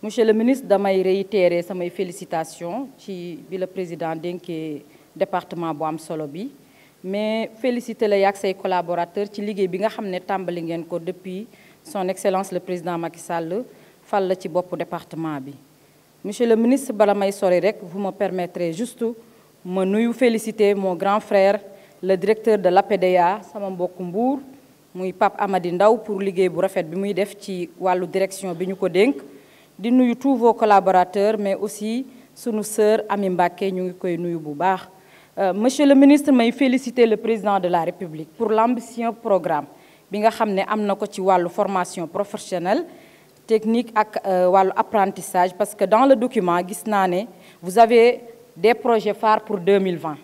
monsieur le ministre vais réitérer mes félicitations ci bi le président du département de Solobi, mais féliciter les féliciter collaborateurs collaborateurs ci ont depuis son excellence le président Macky Sall le la ci département monsieur le ministre bala may vous me permettrez juste de féliciter mon grand frère le directeur de l'APDA sama Bokumbour, Mbour Pape Amadine pour liggéey bu rafet bi muy def direction bi de nuyu tous vos collaborateurs mais aussi sunu sœur Ami Mbacké ñu ngi euh, monsieur le ministre je féliciter le président de la république pour l'ambition programme bi nga la formation professionnelle technique et euh, l'apprentissage. apprentissage parce que dans le document vous avez des projets phares pour 2020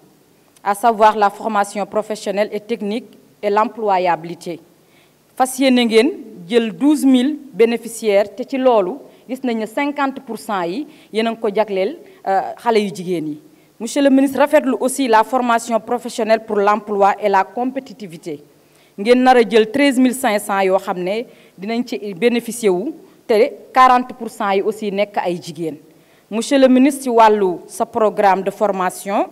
à savoir la formation professionnelle et technique et l'employabilité fas ngeen 12 000 bénéficiaires c'est gis nañ 50 yi yéen euh, monsieur le ministre rafetlu aussi la formation professionnelle pour l'emploi et la compétitivité Nous nara a jël 13500 yo xamné dinañ ci 40 yi aussi nek ay jigéen. monsieur le ministre ci wàllu sa programme de formation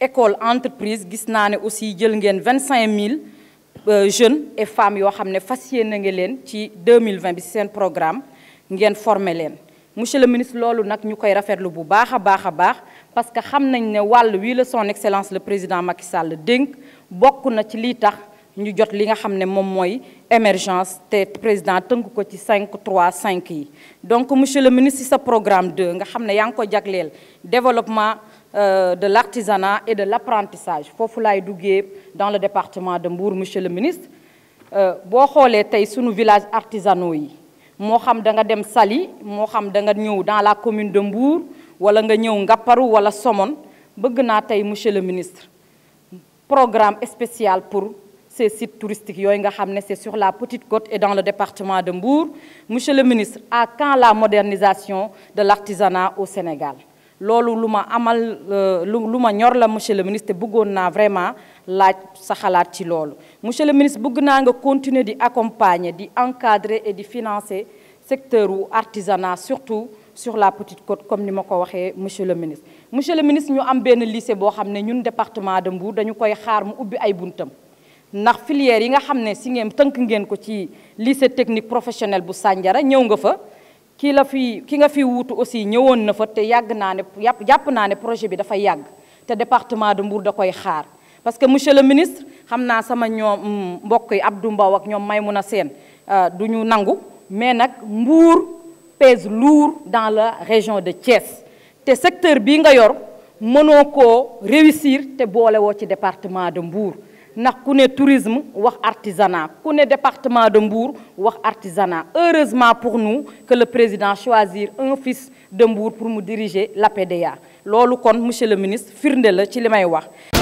école entreprise gis avez aussi jël ngén 25000. Euh, jeunes et femmes qui ont été fas yéene 2020 programme ngeen formé len monsieur le ministre lolou nak ñukoy koy rafetlu bu baaxa baaxa baax parce que xamnañ nañ ne son excellence le président Macky Sall denk bokku na ci li tax ñu jot li nga mom moy émergence président teunk ko ci 5 3 5 donc monsieur le ministre ce sa programme 2 nga xam ne ko développement euh, de l'artisanat et de l'apprentissage. fofu lay duggé dans le département de Mbour monsieur le ministre euh, bo xolé tay suñu village artisanaux yi. Mohamed xam da nga dem sali, dans la commune de Mbour wala nga ñëw Ngaparou wala Somone monsieur le ministre programme spécial pour ces sites touristiques yoy nga c'est sur la Petite Côte et dans le département de Mbour monsieur le ministre à quand la modernisation de l'artisanat au Sénégal loolu lu ma amal euh, lu ma ñor la monsieur le ministre te bëggoon naa vraiment laaj sa xalaat ci loolu. monsieur le ministre bëgg naa nga continuer di accompagner di encadrer et di financer secteur wu artisanat surtout sur la Petite Côte comme ni ma ko waxee monsieur le ministre. monsieur le ministre ñu am benn lycée boo xam ne ñun département de Mbour dañu koy xaar mu ubbi ay buntam. ndax filière yi nga xam ne si ngeen tënk ngeen ko ci lycée technique professionnel bu Sandiara ñëw nga fa ki la fi ki nga fi wuutu aussi nous na fa te yàgg naa ne yàpp jàpp ne projet bi dafa yag. te département de Mbour da koy xaar parce que monsieur le ministre Hamna naa sama ñoom mm, mbokk yi ak ñoom euh, nangu mais nak Mbour pèse lourd dans la région de Thiès te secteur bingayor nga yor réussir te boolewoo ci département de Mbour nous tourisme ou artisanat le département de Mbour wax artisanat heureusement pour nous que le président choisit un fils de Mbour pour nous diriger la PDA. nous kon monsieur le ministre firnde la ci